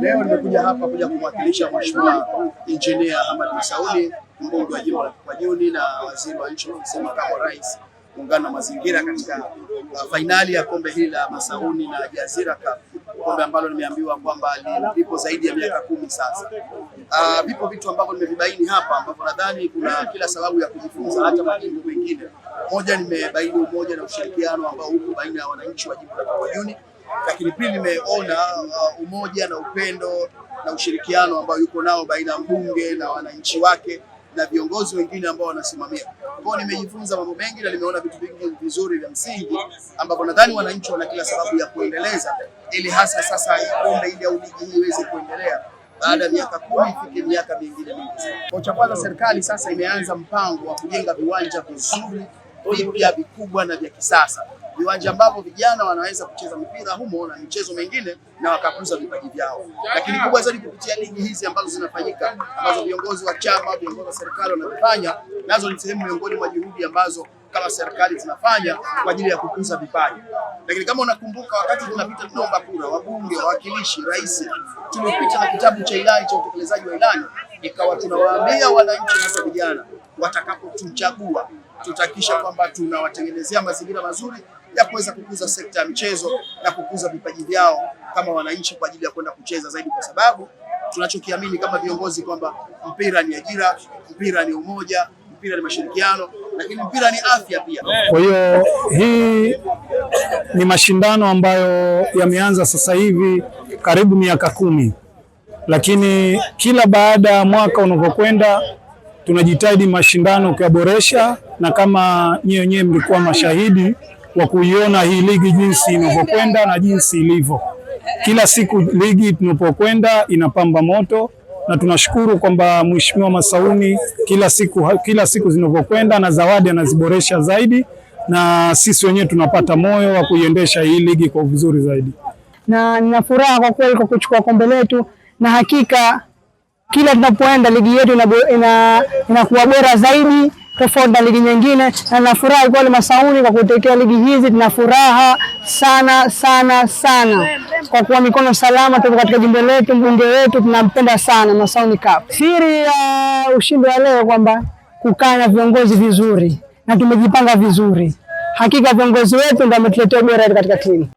Leo nimekuja hapa kuja kumwakilisha Mheshimiwa Injinia Hamad Masauni, mbunge wa jimbo la Kikwajuni na waziri wa nchi ofisi ya makamu wa rais muungano wa mazingira katika uh, fainali ya kombe hili la Masauni na Jazira Cup, kombe ambalo nimeambiwa kwamba lipo zaidi ya miaka kumi sasa. Uh, vipo vitu ambavyo nimevibaini hapa ambavyo nadhani kuna kila sababu ya kujifunza hata majimbo mengine. Moja, nimebaini umoja na ushirikiano ambao uko baina ya wananchi wa jimbo la Kikwajuni lakini pia nimeona uh, umoja na upendo na ushirikiano ambao yuko nao baina ya mbunge na wananchi wake na viongozi wengine ambao wanasimamia. Kwao nimejifunza mambo mengi na nimeona vitu vingi vizuri vya msingi ambapo nadhani wananchi wana kila sababu ya kuendeleza, ili hasa sasa ikombe ili au ligi hii iweze kuendelea baada ya miaka kumi ifike miaka mingine mingi. Kwa cha kwanza, serikali sasa imeanza mpango wa kujenga viwanja vizuri vipya vikubwa na vya kisasa, viwanja ambavyo vijana wanaweza kucheza mpira humo na michezo mengine na wakakuza vipaji vyao, lakini kubwa zaidi kupitia ligi hizi ambazo zinafanyika, ambazo viongozi wa chama, viongozi wa serikali wanavifanya, nazo ni sehemu miongoni mwa juhudi ambazo kama serikali zinafanya kwa ajili ya kukuza vipaji. Lakini kama unakumbuka, wakati tunapita tunaomba kura, wabunge, wawakilishi, rais, tulipita na kitabu cha ilani cha utekelezaji wa ilani, ikawa tunawaambia wananchi, hasa vijana watakapotuchagua tutahakikisha kwamba tunawatengenezea mazingira mazuri ya kuweza kukuza sekta ya michezo na kukuza vipaji vyao kama wananchi kwa ajili ya kwenda kucheza zaidi, kwa sababu tunachokiamini kama viongozi kwamba mpira ni ajira, mpira ni umoja, mpira ni mashirikiano, lakini mpira ni afya pia. Kwa hiyo hii ni mashindano ambayo yameanza sasa hivi karibu miaka kumi, lakini kila baada ya mwaka unavyokwenda tunajitahidi mashindano kuyaboresha, na kama nyinyi wenyewe mlikuwa mashahidi wa kuiona hii ligi jinsi inavyokwenda na jinsi ilivyo kila siku, ligi tunapokwenda inapamba moto, na tunashukuru kwamba Mheshimiwa Masauni kila siku, kila siku zinavyokwenda na zawadi anaziboresha zaidi, na sisi wenyewe tunapata moyo wa kuiendesha hii ligi kwa vizuri zaidi, na nina furaha kwa kweli kwa kuchukua kombe letu na hakika kila tunapoenda ligi yetu inakuwa ina, ina bora zaidi tofauti na ligi nyingine, na nafurahi kwa wale Masauni kwa kutekea ligi hizi. Tuna furaha sana sana sana kwa kuwa mikono salama, tuko katika jimbo letu, mbunge wetu tunampenda sana Masauni Cup. Siri ya uh, ushindi wa leo kwamba kukaa na viongozi vizuri na tumejipanga vizuri. Hakika viongozi wetu ndio wametuletea bora katika timu.